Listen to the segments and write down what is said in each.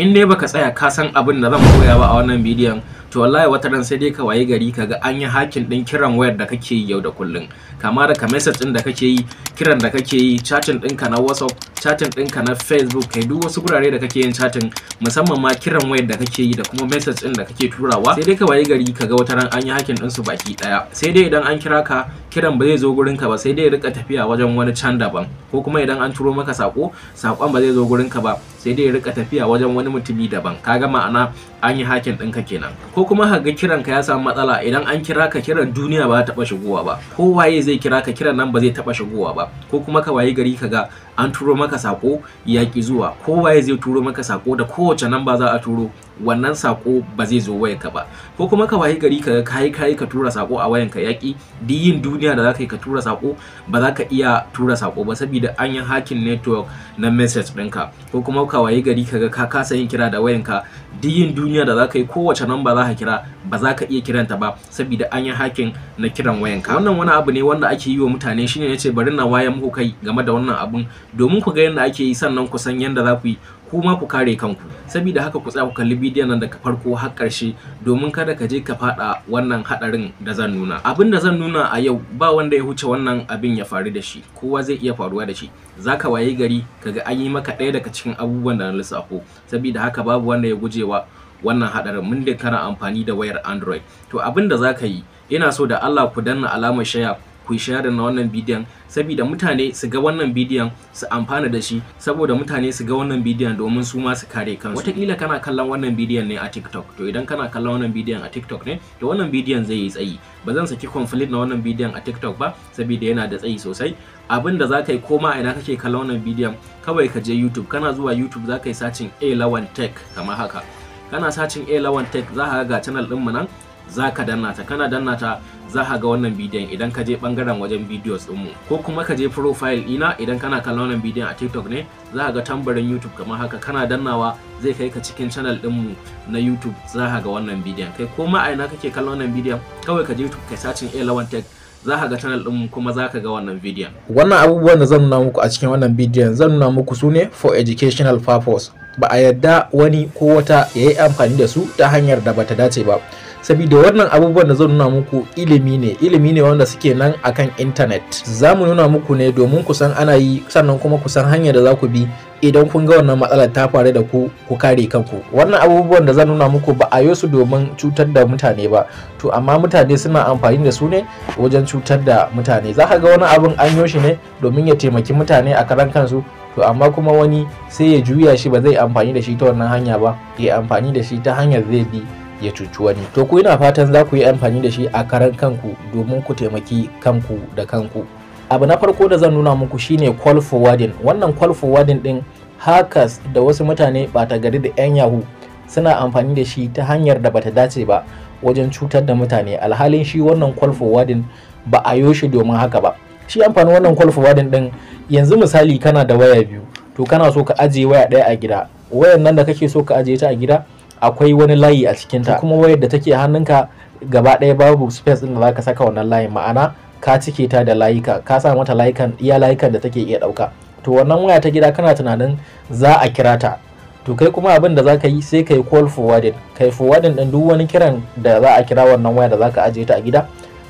in dai baka tsaya ka san abin da zan koya ba a wannan bidiyon to wallahi wata ran sai dai ka waye gari kaga an yi hakin din kiran wayar da kake yi yau da kullun kama ka message din da kake yi kiran da kake yi chatting ka na whatsapp chatting ɗinka na facebook kai duk wasu gurare da kake yin chatting musamman ma kiran wayar da kake yi da kuma message din da kake turawa sai dai ka waye gari kaga wata ran an yi hakin din su baki daya sai dai idan an kira ka kiran ba zai zo gurin ka ba sai dai ya rika tafiya wajen wani can daban ko kuma idan an turo maka sako sakon ba zai zo gurin ka ba sai dai ya rika tafiya wajen wani mutumi daban kaga ma'ana an yi hakin ka kenan ko ko kuma haga ga kiran ka ya samu matsala idan an kira ka kiran duniya ba ta taɓa shigowa ba ko waye zai kira ka kiran nan ba zai taɓa shigowa ba ko kuma ka waye gari ka ga an turo maka sako ya ki zuwa kowa ya zai turo maka sako da kowace nan ba za a turo wannan sako ba zai zo wayanka ba ko kuma ka wayi gari ka kai kai ka tura sako a wayanka yaki Di yin duniya da zaka yi ka tura sako ba za ka iya tura sako ba saboda an yi hakin network na message ɗinka ko kuma ka wayi gari ka ka kasa yin kira da wayanka Di yin duniya da zaka yi kowace nan ba za ka kira ba za ka iya kiranta ba saboda an yi hakin na kiran wayanka wannan wani abu ne wanda ake yi wa mutane shine nace bari na wayan muku kai game da wannan abun domin ku ga yadda ake yi sannan ku san yadda za ku yi kuma ku kare kanku saboda haka ku tsaya ku kalli bidiyon nan daga farko har ƙarshe domin kada ka je ka faɗa wannan haɗarin da zan nuna abin da zan nuna a yau ba wanda ya huce wannan abin ya faru da shi kowa zai iya faruwa da shi zaka waye gari ka ga an yi maka ɗaya daga cikin abubuwan da na lissafo saboda haka babu wanda ya guje wa wannan haɗarin mun da kana amfani da wayar android to abin da zaka yi ina so da Allah ku danna alamar shaya ku share na wannan bidiyon saboda mutane su ga wannan bidiyon su amfana da shi saboda mutane su ga wannan bidiyon domin su ma su kare kansu wataƙila kana kallon wannan bidiyon ne a tiktok to idan kana kallon wannan bidiyon a tiktok ne to wannan bidiyon zai yi tsayi ba zan saki conflict na wannan bidiyon a tiktok ba saboda yana da tsayi sosai abin da za ka yi koma ina kake kallon wannan bidiyon kawai ka je youtube kana zuwa youtube za ka yi sacin a lawan tech kamar haka kana sacin a lawan tech za ka ga channel mu nan za ka danna ta kana danna ta za ka ga wannan bidiyon idan ka je bangaren wajen videos ɗinmu ko kuma ka je profile ina idan kana kallon wannan bidiyon a tiktok ne za ka ga tambarin youtube kamar haka kana dannawa zai kai ka cikin channel ɗinmu na youtube za ka ga wannan bidiyon kai ko ma a ina kake kallon wannan bidiyon kawai ka je youtube ka sacin a tech za ka ga channel ɗin kuma za ka ga wannan bidiyon. Wannan abubuwan da zan nuna muku a cikin wannan bidiyon zan nuna muku su ne for educational purpose. Ba a yadda wani ko wata ya yi amfani da su ta hanyar da bata dace ba. saboda wannan abubuwan da zan nuna muku ilimi ne ilimi ne wanda suke nan akan intanet za mu nuna muku ne domin ku san ana yi sannan kuma ku san hanyar da za ku bi idan kun ga wannan matsalar ta faru da ku ku kare kanku wannan abubuwan da zan nuna muku ba a yi su domin cutar da mutane ba to amma mutane suna amfani da su ne wajen cutar da mutane za ka ga wani abin an yi shi ne domin ya taimaki mutane a karan kansu to amma kuma wani sai ya juya shi ba zai amfani da shi ta wannan hanya ba ya amfani da shi ta hanyar zai bi ya cuci wani to ku ina fatan za ku yi amfani da shi a karan kanku domin ku taimaki kanku da kanku abu na farko da zan nuna muku shine call forwarding wannan call forwarding din hackers da wasu mutane bata gari da yan yahu suna amfani da shi ta hanyar da bata dace ba wajen cutar da mutane alhalin shi wannan call forwarding ba a yoshi domin haka ba shi amfanin wannan call forwarding din yanzu misali kana da waya biyu to kana so ka ajiye waya ɗaya a gida wayan nan da kake so ka ajiye ta a gida akwai wani layi a cikin ta kuma wayar da take hannunka gaba ɗaya babu space ɗin da zaka saka wannan layin ma'ana ka cike ta da layi ka sa mata layikan iya layukan da take iya ɗauka to wannan waya ta gida kana tunanin za a kira ta to kai kuma abin da zaka yi sai kai call forwarding kai forwarding din duk wani kiran da za a kira wannan waya da zaka ajiye ta a gida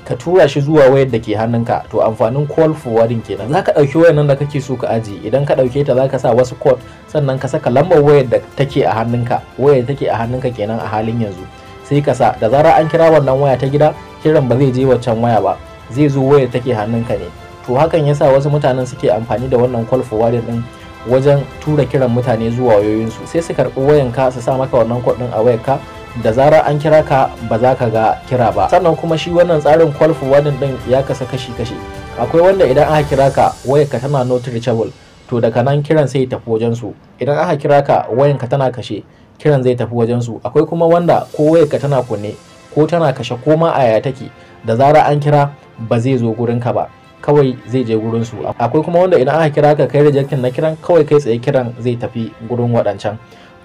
ka tura shi zuwa wayar da ke hannunka to amfanin call forwarding kenan zaka ka ɗauki wayar nan da kake so ka aji idan ka ɗauke ta za sa wasu code sannan ka saka lambar wayar da take a hannunka wayar take a hannunka kenan a halin yanzu sai ka sa da zarar an kira wannan waya ta gida kiran ba zai je waccan waya ba zai zo wayar take hannunka ne to hakan yasa wasu mutanen suke amfani da wannan call forwarding din wajen tura kiran mutane zuwa wayoyinsu sai su karɓi wayanka su sa maka wannan kuɗin a wayarka da zara an kira ka ba za ka ga kira ba sannan kuma shi wannan tsarin call forwarding din ya kasa kashi-kashi akwai wanda idan aka kira ka wayarka tana not reachable to daga nan kiran sai tafi wajen su idan aka kira ka wayanka tana kashe kiran zai tafi wajen su akwai kuma wanda ko wayanka tana kunne ko tana kashe ko ma a yaya take da zara an kira ba zai zo gurin ka ba kawai zai je gurin su akwai kuma wanda idan aka kira ka kai rejectin na kiran kawai kai tsaye kiran zai tafi gurin waɗancan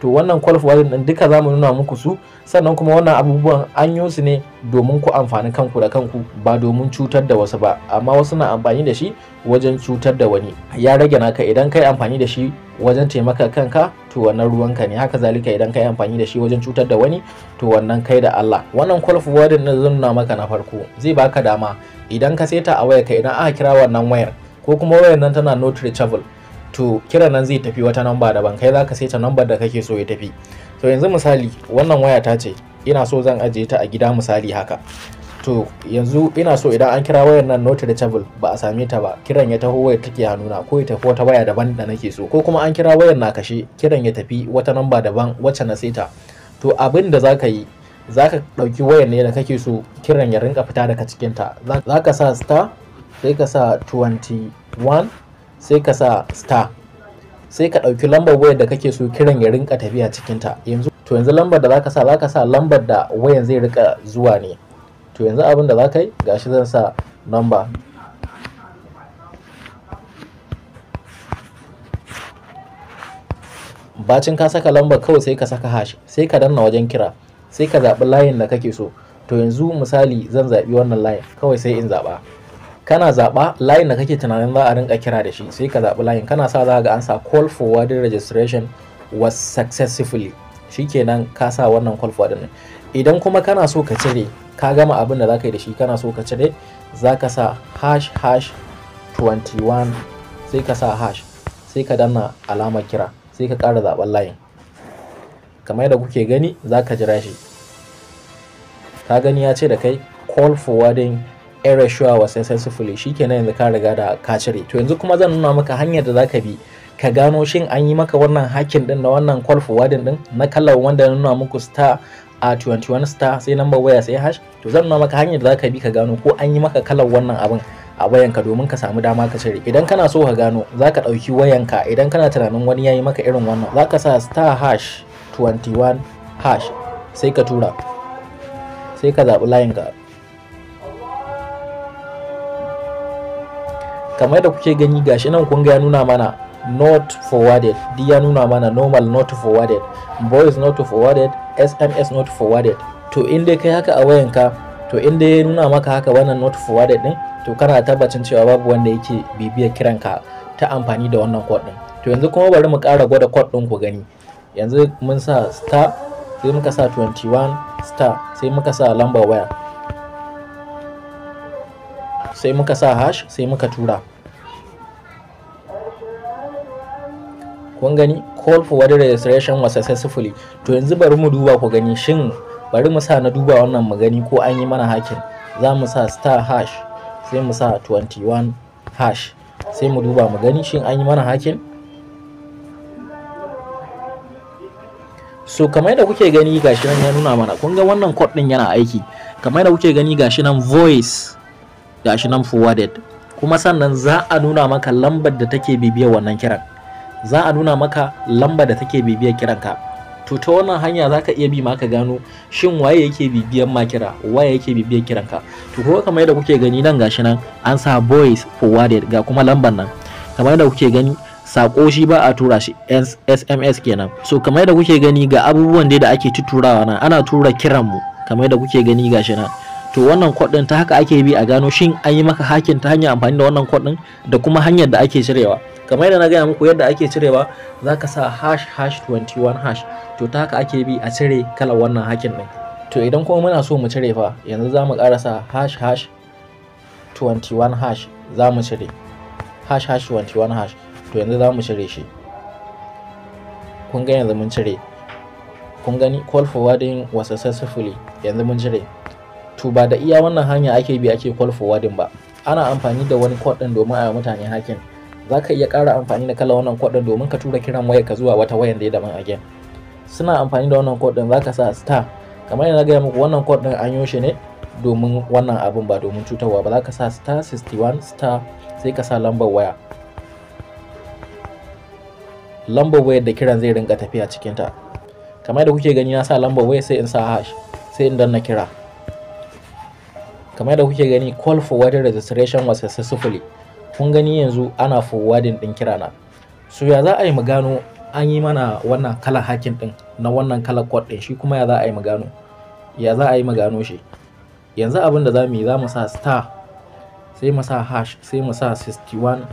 to wannan qualifying din duka zamu nuna muku su sannan kuma wannan abubuwan an yi su ne domin ku amfani kanku da kanku ba domin cutar da wasu ba amma wasu na amfani da shi wajen cutar da wani ya rage naka idan kai amfani da shi wajen taimaka kanka to wannan ruwanka ne haka zalika idan kai amfani da shi wajen cutar da wani to wannan kai da Allah wannan qualifying din zan nuna maka na farko zai baka dama idan ka seta a wayarka idan aka kira wannan wayar ko kuma wayar nan tana not reachable to kiran nan zai tafi wata namba daban kai zaka saita nambar da kake so ya tafi to yanzu misali wannan waya ta ce ina so zan ajiye ta a gida misali haka to yanzu ina so idan an kira wayar nan not reachable ba a same ta ba kiran ya taho wayar take hannuna ko ya tafi wata waya daban da nake so ko kuma an kira wayar na kashe kiran ya tafi wata namba daban wacce na saita to abin da zaka yi zaka ɗauki wayar ne da kake so kiran ya rinka fita daga cikinta zaka sa star sai ka sa 21 sai ka sa star sai ka ɗauki lambar wayar da kake so kiran ya rinka tafiya cikinta yanzu to yanzu lambar da zaka sa zaka sa lambar da wayan zai rika zuwa ne to yanzu abin da zaka yi gashi zan sa number bacin ka saka lambar kawai sai ka saka hash sai ka danna wajen kira sai ka zaɓi layin da kake so to yanzu misali zan zaɓi wannan layin kawai sai in zaɓa kana zaɓa layin da kake tunanin za a rinka kira da shi sai ka zaɓi layin kana sa za ga an sa call warden registration was successfully shikenan ka sa wannan call for forwarded idan kuma kana so ka cire ka gama abin da za ka yi da shi kana so ka cire za ka sa hash hash 21 sai ka sa hash sai ka danna alamar kira sai ka ƙara zaɓen layin kamar yadda kuke gani za ka jira shi ka gani ya ce da kai call for warden. sai sure shi ke shikenan yanzu ka riga da ka cire to yanzu kuma zan nuna maka hanyar da zaka bi ka gano shin an yi maka wannan hakin din na wannan call forwarding din na kallon wanda na nuna muku star a 21 star sai number waya sai hash to zan nuna maka hanyar da zaka bi ka gano ko an yi maka kalar wannan abin a wayanka domin ka samu dama ka cire idan kana so ka gano zaka ɗauki wayanka idan kana tunanin wani ya yi maka irin wannan zaka sa star hash 21 hash sai ka tura sai ka zaɓi layinka kamar da kuke gani gashi nan kun ga ya nuna mana not forwarded di ya nuna mana normal not forwarded boys not forwarded sms not forwarded to in dai kai haka a wayanka to in dai ya nuna maka haka wannan not forwarded din to kana tabbacin cewa babu wanda yake bibiyar ka ta amfani da wannan code din to yanzu kuma bari mu kara gwada code din ku gani yanzu mun sa star sai muka sa 21 star sai muka sa lambar waya sai muka sa hash sai muka tura kun gani call for order registration was successfully to yanzu bari mu duba ku gani shin bari mu sa na duba wannan mu gani ko an yi mana hakin za mu sa star hash sai mu sa 21 hash sai mu duba mu gani shin an yi mana hakin so kamar yadda kuke gani gashi nan ya nuna mana kun ga wannan code din yana aiki kamar yadda kuke gani gashi nan voice gashi nan forwarded kuma sannan za a nuna maka lambar da take bibiyar wannan kiran za a nuna maka lambar da take bibiyar ka to ta wannan hanya za ka iya bi ma ka gano shin waye yake bibiyan ma kira waye yake bibiyar kiranka to kuma kamar yadda kuke gani nan gashi nan an sa boys forwarded ga kuma lambar nan kamar yadda kuke gani sako shi ba a tura shi sms kenan so kamar yadda kuke gani ga abubuwan da ake tuturawa nan ana tura kiran mu kamar yadda kuke gani gashi nan to wannan kwaɗin ta haka ake bi a gano shin an yi maka hakin ta hanyar amfani da wannan kwaɗin da kuma hanyar da ake cirewa kamar yadda na gaya muku yadda ake cirewa za ka sa hash hash 21 hash to ta haka ake bi a cire kalar wannan hakin ɗin to idan kuma muna so mu cire fa yanzu za mu sa hash hash 21 hash za mu cire hash hash 21 hash to yanzu za mu cire shi kun ga yanzu mun cire kun gani call forwarding was successfully yanzu mun cire to ba da iya wannan hanya ake bi ake call forwarding ba ana amfani da wani code din domin a mutane hakin za ka iya ƙara amfani da kala wannan code din domin ka tura kiran wayar ka zuwa wata wayan da ya daban again suna amfani da wannan code din za ka sa star kamar yana gaya muku wannan code din an yoshe ne domin wannan abin ba domin cutarwa ba za ka sa star 61 star sai ka sa lambar waya lambar wayar da kiran zai rinka tafiya cikinta kamar da kuke gani na sa lambar waya sai in sa hash sai in danna kira kamar da kuke gani call forwarded registration was successfully kun gani yanzu ana forwarding din kira na so ya za a yi mu gano an yi mana wannan kala hakin din na wannan kala code din shi kuma ya za a yi mu gano ya za a yi mu shi yanzu abin da za mu yi za mu sa star sai mu sa hash sai mu sa 61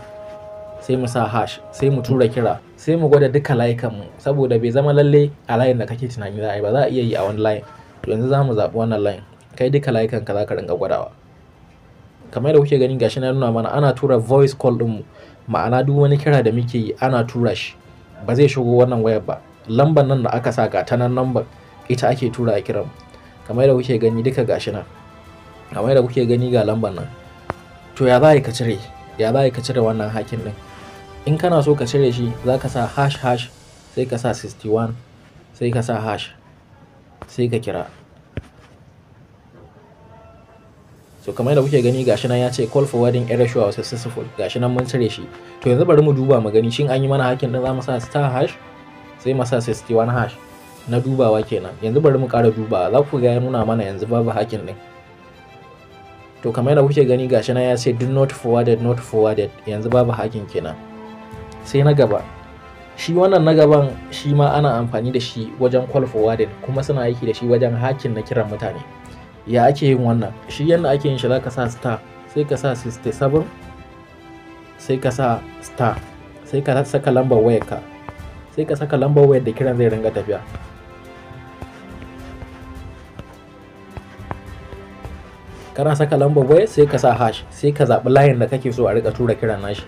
sai mu sa hash sai mu tura kira sai mu gwada duka layukan mu saboda bai zama lalle a layin da kake tunani za a yi ba za a iya yi a wani layin yanzu za mu zaɓi wannan layin kai duka layukan ka zaka ringa gwadawa kamar da kuke gani gashi na nuna mana ana tura voice call din mu ma'ana duk wani kira da muke yi ana tura shi ba zai shigo wannan wayar ba lambar nan da aka sa ga ta nan lambar ita ake tura a kiran kamar da kuke gani duka gashi nan kamar da kuke gani ga lambar nan to ya za ka cire ya za ka cire wannan hakin din in kana so ka cire shi za ka sa hash hash sai ka sa 61 sai ka sa hash sai ka kira so kamar da kuke gani gashi nan ya ce call forwarding error show was successful gashi nan mun cire shi to yanzu bari mu duba mu gani shin an yi mana hakin din zamu sa star hash sai mu sa 61 hash na dubawa kenan yanzu bari mu ƙara dubawa za ku ga ya nuna mana yanzu babu hakin din to kamar yadda kuke gani gashi nan ya ce do not forwarded not forwarded yanzu babu hakin kenan sai na gaba shi wannan na gaban shi ma ana amfani da shi wajen call forwarded kuma suna aiki da shi wajen hakin na kiran mutane ya ake yin wannan shi yadda ake yin shi za ka sa star sai ka sa 67 sai ka sa star sai ka saka lambar wayar ka sai ka saka lambar wayar da kiran zai ringa tafiya kana saka lambar wayar sai ka sa hash sai ka zaɓi layin da kake so a rika tura kiran nashi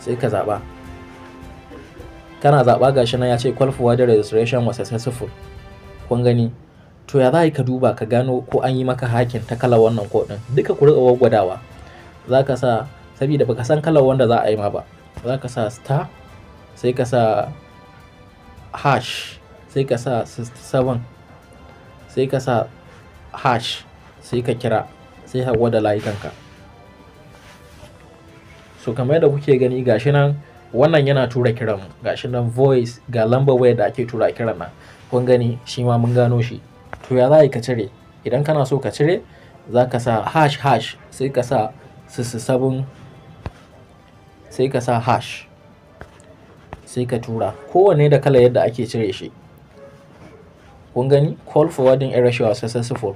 sai ka zaɓa kana zaɓa gashi nan ya ce kwalfuwa da registration was successful kun gani to ya za ka duba ka gano ko an yi maka hakin ta kalar wannan ko duka ku riƙa gwagwadawa za ka sa saboda baka san kala wanda za a yi ma ba za ka sa star sai ka sa hash sai ka sa 67 sai ka sa hash sai ka kira sai ka gwada layukanka so kamar yadda kuke gani gashi nan wannan yana tura kiran gashi nan voice ga lambar waya da ake tura kiran nan kun gani shi ma mun gano shi to ya za ka cire idan kana so ka cire za ka sa hash hash sai ka sa sissabin sai ka sa hash sai ka tura kowanne da kala yadda ake cire shi kun gani call forwarding erasure successful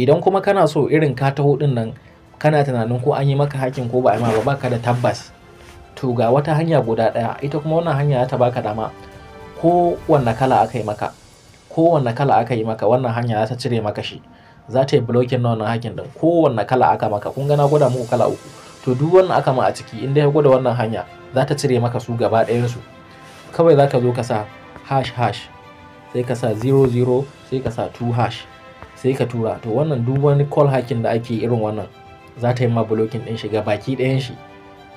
idan kuma kana so irin ka taho din nan kana tunanin ko an yi maka hakin ko ba a yi ba baka da tabbas to ga wata hanya guda ɗaya ita kuma wannan hanya ta baka dama ko wanne kala aka yi maka kowanne kala aka yi maka wannan hanya za ta cire maka shi za ta yi blocking na wannan hakin din kowanne kala aka maka kun ga gwada muku kala uku to duk wannan aka ma a ciki inda ya gwada wannan hanya za ta cire maka su gaba ɗayan su kawai za ka zo ka sa hash hash sai ka sa 00 sai ka sa 2 hash sai ka tura to wannan duk wani call hacking da ake irin wannan za ta yi ma blocking din shiga baki ɗayan shi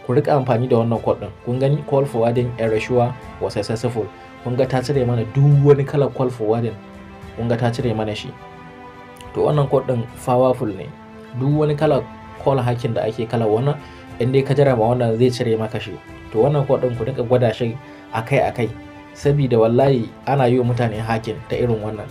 ku rika amfani da wannan code din kun gani call forwarding erasure was successful kun ga ta cire mana duk wani kalar call forwarding kun ga ta cire mana shi to wannan code din powerful ne duk wani kalar call hacking da ake kalar wannan in dai ka jaraba wannan zai cire maka shi to wannan code din ku dinka gwada shi akai akai saboda wallahi ana yi wa mutane hacking ta irin wannan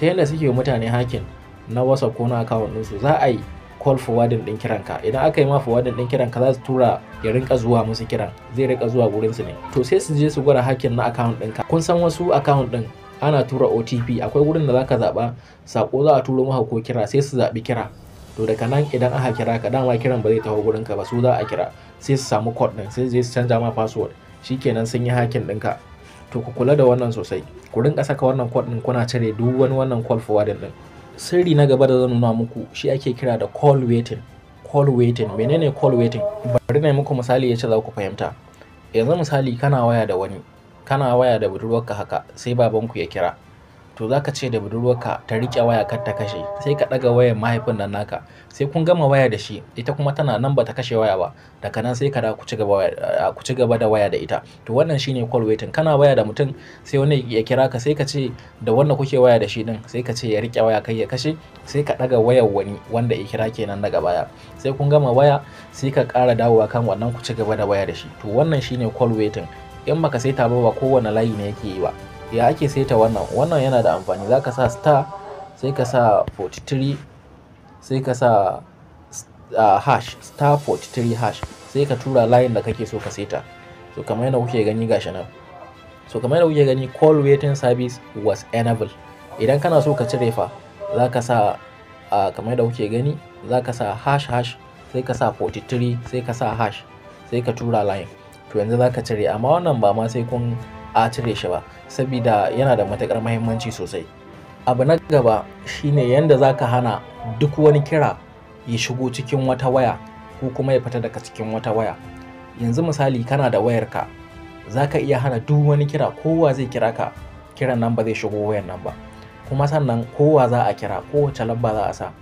ta yadda suke wa mutane hacking na wasa ko na account su za a yi call forwarding din ka idan aka yi ma forwarding din ka za su tura ya rinka zuwa musu kiran zai rinka zuwa gurin su ne to sai su je su gwada hakin na account ka kun san wasu account ɗin ana tura OTP akwai gurin da zaka zaɓa sako za a turo maka ko kira sai su zaɓi kira to daga nan idan aka kira ka dama kiran ba zai taho gurin ka ba su za a kira sai su samu code ɗin sai su canza ma password shikenan sun yi hakin ka to ku kula da wannan sosai ku rinka saka wannan code ɗin kuna cire duk wani wannan call forwarding din sirri na gaba da zan nuna muku shi ake kira da call waiting call waiting menene call waiting bari na muku misali yace za ku fahimta yanzu misali kana waya da wani kana waya da budurwarka haka sai babanku ya kira to zaka ce da budurwarka ta rike waya kar ta kashe sai ka daga wayar mahaifin nan naka sai kun gama waya da shi ita kuma tana nan bata kashe waya ba daga nan sai ka da ku ci gaba da waya da ita to wannan shine call waiting kana waya da mutum sai wani ya kira ka sai ka ce da wannan kuke waya da shi din sai ka ce ya rike waya kai ya kashe sai ka daga wayar wani wanda ya kira kenan daga baya sai kun gama waya sai ka ƙara dawowa kan wannan ku ci gaba da waya da shi to wannan shine call waiting in baka saita ba ba kowane layi ne yake yi ba ya ake saita wannan wannan yana da amfani zaka sa star sai ka sa 43 sai ka sa hash star 43 hash sai ka tura layin da kake so ka seta so kamar yadda kuke gani gashi nan so kamar yadda kuke gani call waiting service was enabled idan kana so ka cire fa za ka sa kamar yadda kuke gani za ka sa hash hash sai ka sa 43 sai ka sa hash sai ka tura layin to yanzu za ka cire amma wannan ba ma sai kun a cire shi ba saboda yana da matakar mahimmanci sosai abu na gaba shine yadda za ka hana duk wani kira ya shigo cikin wata waya ko kuma ya fita daga cikin wata waya yanzu misali kana da wayarka za ka iya hana duk wani kira kowa zai kira ka kiran nan ba zai shigo wayar nan ba kuma sannan kowa za a kira kowace lamba za a sa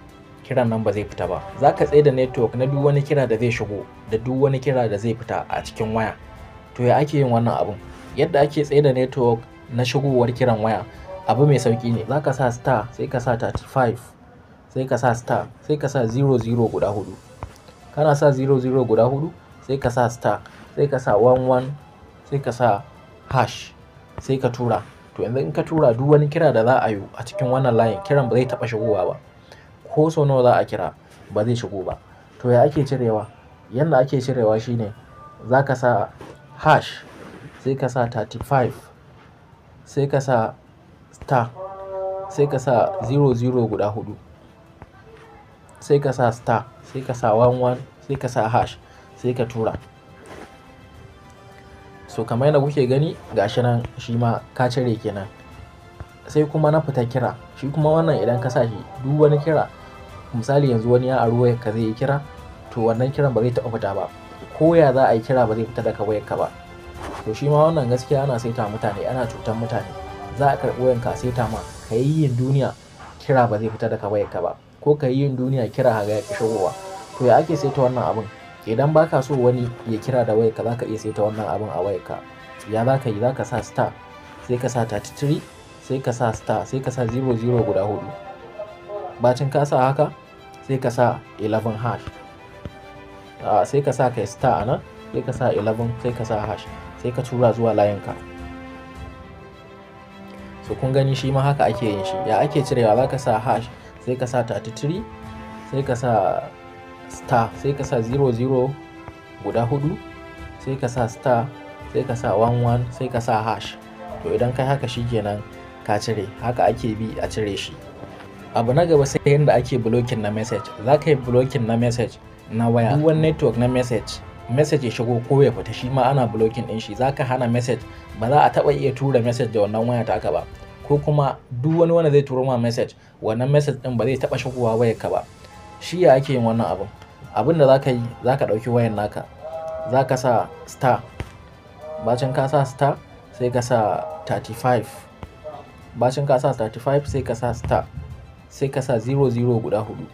kiran nan ba zai fita ba za ka tsaye da network na duk wani kira da zai shigo da duk wani kira da zai fita a cikin waya to ya ake yin wannan abun yadda ake tsaye da network na shigowar kiran waya abu mai sauƙi ne za ka sa star sai ka sa 35 sai ka sa star sai ka sa 00 guda hudu kana sa 00 guda hudu sai ka sa star sai ka sa 11 sai ka sa hash sai ka tura to yanzu in ka tura duk wani kira da za a yi a cikin wannan layin kiran ba zai taɓa shigowa ba ko sau nawa za a kira ba zai shigo ba to ya ake cirewa yanda ake cirewa shine za ka sa hash sai ka sa 35 sai ka sa star sai ka sa zero zero guda hudu, sai ka sa star sai ka sa one one sai ka sa hash sai ka tura so kamar yadda kuke gani gashi nan shi ma ka cire kenan sai kuma na fita kira shi kuma wannan idan ka sa shi duk wani kira misali yanzu wani ya aro ka zai yi kira to wannan kiran ba zai taɓa fita ba ko ya za a yi kira ba zai fita daga wayarka ba to shi ma wannan gaskiya ana saita mutane ana cutar mutane za a karɓi wayanka sai ta ma ka yi yin duniya kira ba zai fita daga wayanka ba ko ka yi yin duniya kira ga ya shigowa to ya ake saita wannan abin idan ba ka so wani ya kira da wayanka za ka iya saita wannan abin a wayanka ya za ka yi za ka sa star sai ka sa 33 sai ka sa star sai ka sa 00 guda hudu bacin ka sa haka sai ka sa 11 hash sai ka sa yi star a nan sai ka sa 11 sai ka sa hash sai ka tura zuwa layinka so kun gani shi ma haka ake yin shi ya ake cirewa za ka sa hash sai ka sa 33 sai ka sa star sai ka sa 00 guda hudu sai ka sa star sai ka sa 11 sai ka sa hash to idan kai haka shi kenan ka cire haka ake bi a cire shi abu na gaba sai yadda ake blocking na message za ka yi blocking na message na waya duk network na message message ya shigo ko ya fita shi ma ana blocking din shi zaka hana message ba za a taba iya tura message da wannan waya aka ba ko kuma duk wani wanda zai turo ma message wannan message din ba zai taba shigowa waya ka ba shi ya ake yin wannan abin abin da zaka yi zaka dauki wayar naka zaka sa star bacin ka sa star sai ka sa 35 bacin ka sa 35 sai ka sa star sai ka sa 00 guda hudu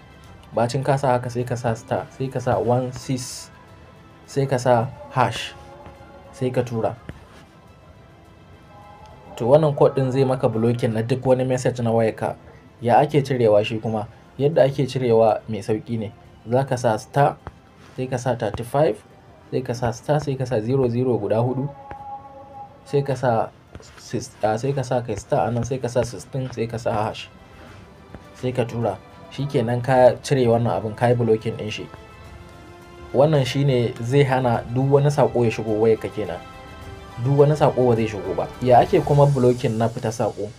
bacin ka sa haka sai ka sa star sai ka sa 16 sai ka sa hash sai ka tura to wannan code din zai maka blocking na duk wani message na wayarka ya ake cirewa shi kuma yadda ake cirewa mai sauki ne za ka sa star sai ka sa 35 sai ka sa star sai ka sa 00 guda hudu sai ka sa sai ka sa kai star anan sai ka sa 16 sai ka sa hash sai ka tura shikenan ka cire wannan abin kai blocking din shi wannan shine zai hana duk wani sako ya shigo waya ka kenan duk wani sako ba zai shigo ba ya ake kuma blocking na fita sako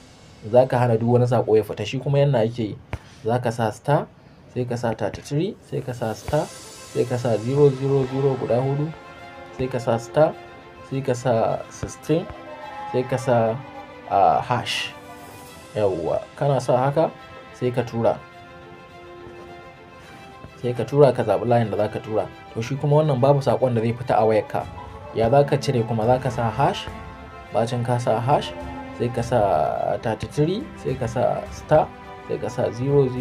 zaka hana duk wani sako ya fita shi kuma yana ake yi zaka sa star sai ka sa 33 sai ka sa star sai ka sa 000 guda hudu sai ka sa star sai ka sa 16 sai ka sa ah, hash yawwa kana sa haka sai ka tura sai ka tura ka zaɓi layin da za ka tura to shi kuma wannan babu saƙon da zai fita a wayarka ya za ka cire kuma za ka sa hash bacin ka sa hash sai ka sa 33 sai ka sa star sai ka sa 000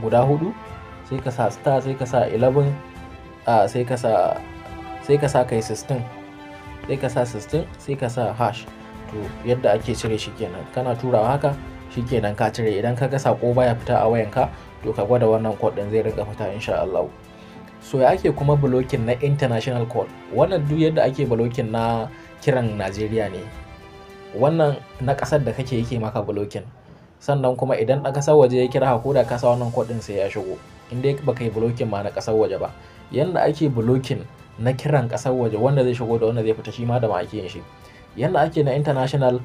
guda hudu sai ka sa star sai ka sa 11 sai ka sa sai ka sa kai 16 sai ka sa 16 sai ka sa hash to yadda ake cire shi kenan kana turawa haka shi kenan ka cire idan ka ga sako baya fita a wayanka to ka gwada wannan code din zai rinka fita insha Allah so ya ake kuma blocking na international code wannan duk yadda ake blocking na kiran Najeriya ne wannan na kasar da kake yake maka blocking sannan kuma idan ɗan kasar waje ya kira ko da kasa wannan code din sai ya shigo inda dai baka yi blocking ma na kasar waje ba yanda ake blocking na kiran kasar waje wanda zai shigo da wanda zai fita shi ma da yin shi yanda ake na international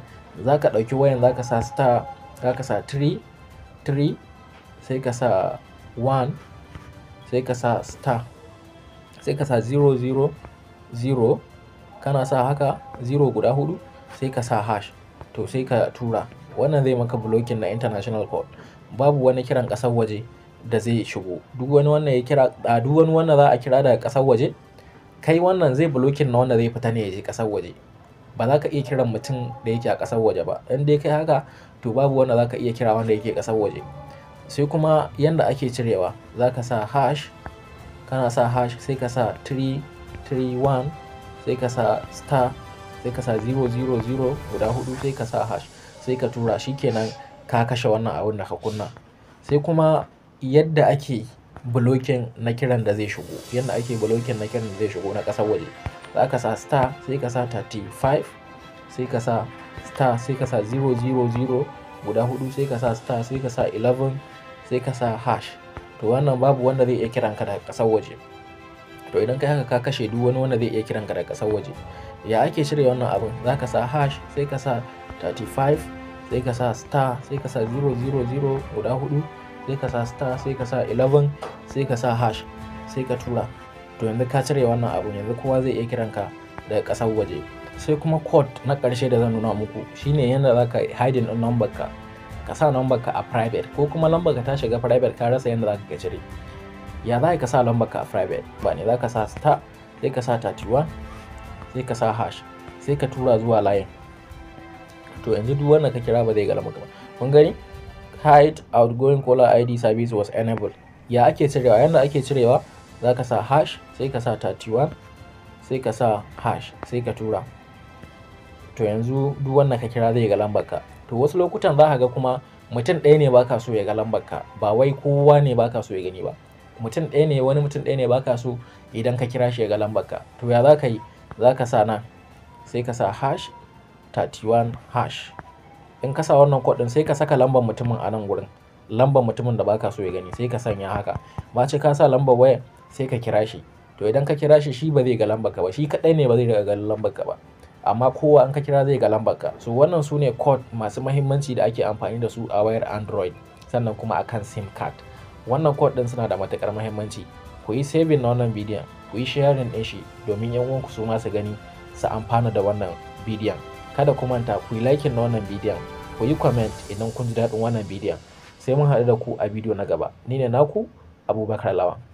za ka ɗauki wayan za ka sa star za sa 3 3 sai ka sa 1 sai ka sa star sai ka sa 000 kana sa haka 0 guda hudu sai ka sa hash to sai ka tura wannan zai maka blocking na international code babu wani kiran kasar waje da zai shigo duk wani wannan ya kira a duk wani wannan za a kira daga kasar waje kai wannan zai blocking na wanda zai fita ne ya je kasar waje ba za ka iya kiran mutum da yake a kasar waje ba in dai kai haka to babu wanda za ka iya kira wanda yake kasar waje sai kuma yadda ake cirewa za ka sa hash kana sa hash sai ka sa 331 sai ka sa star sai ka sa 000 guda hudu sai ka sa hash sai ka tura shi kenan ka kashe wannan abin da ka kunna sai kuma yadda ake bulokin na kiran da zai shigo yadda ake bulokin na kiran da zai shigo na kasar waje za ka sa star sai ka sa 35 sai ka sa star sai ka sa 000 guda hudu sai ka sa star sai ka sa sai ka sa hash to wannan babu wanda zai iya kiran ka daga ƙasar waje to idan kai haka ka kashe duk wani wanda zai iya kiran ka daga ƙasar waje ya ake cire wannan abin za ka sa hash sai ka sa 35 sai ka sa star sai ka sa 000 guda hudu sai ka sa star sai ka sa 11 sai ka sa hash sai ka tura to yanzu ka cire wannan abun yanzu kowa zai iya kiran ka daga ƙasar waje sai kuma code na ƙarshe da zan nuna muku shine yadda za ka hiding number ka ka sa lambar ka a private ko kuma lambar ka ta shiga private ka rasa yadda zaka cire ya za ka sa lambar ka a private ba ne za ka sa star sai ka sa 31 sai ka sa hash sai ka tura zuwa layin to yanzu duk wannan ka kira ba zai ga lambar ka ba kun gani hide outgoing caller id service was enabled ya ake cirewa yanda ake cirewa za ka sa hash sai ka sa 31 sai ka sa hash sai ka tura to yanzu duk wannan ka kira zai ga lambar ka to wasu lokutan za ka ga kuma mutum ɗaya ne baka so ya ga lambar ka ba wai kowa ne baka so ya gani ba mutum ɗaya ne wani mutum ɗaya ne baka so idan ka kira shi ya ga lambar ka to ya za ka yi za ka sa nan sai ka sa hash 31 hash in ka sa wannan kwaɗin sai ka saka lambar mutumin a nan gurin lambar mutumin da baka so ya gani sai ka sanya haka ba ce ka sa lambar waya sai ka kira shi to idan ka kira shi shi ba zai ga lambar ka ba shi kaɗai ne ba zai ga lambar ka ba amma kowa an ka kira zai ga lambar ka so wannan su ne code masu mahimmanci da ake amfani da su a wayar android sannan kuma akan sim card wannan code din suna da matukar mahimmanci ku yi saving na wannan bidiyon ku yi sharing din shi domin yan uwanku su ma su gani su amfana da wannan bidiyon kada ku manta ku yi liking na wannan bidiyon ku yi comment idan kun ji daɗin wannan bidiyon sai mun haɗu da ku a bidiyo na gaba ni ne naku abubakar lawan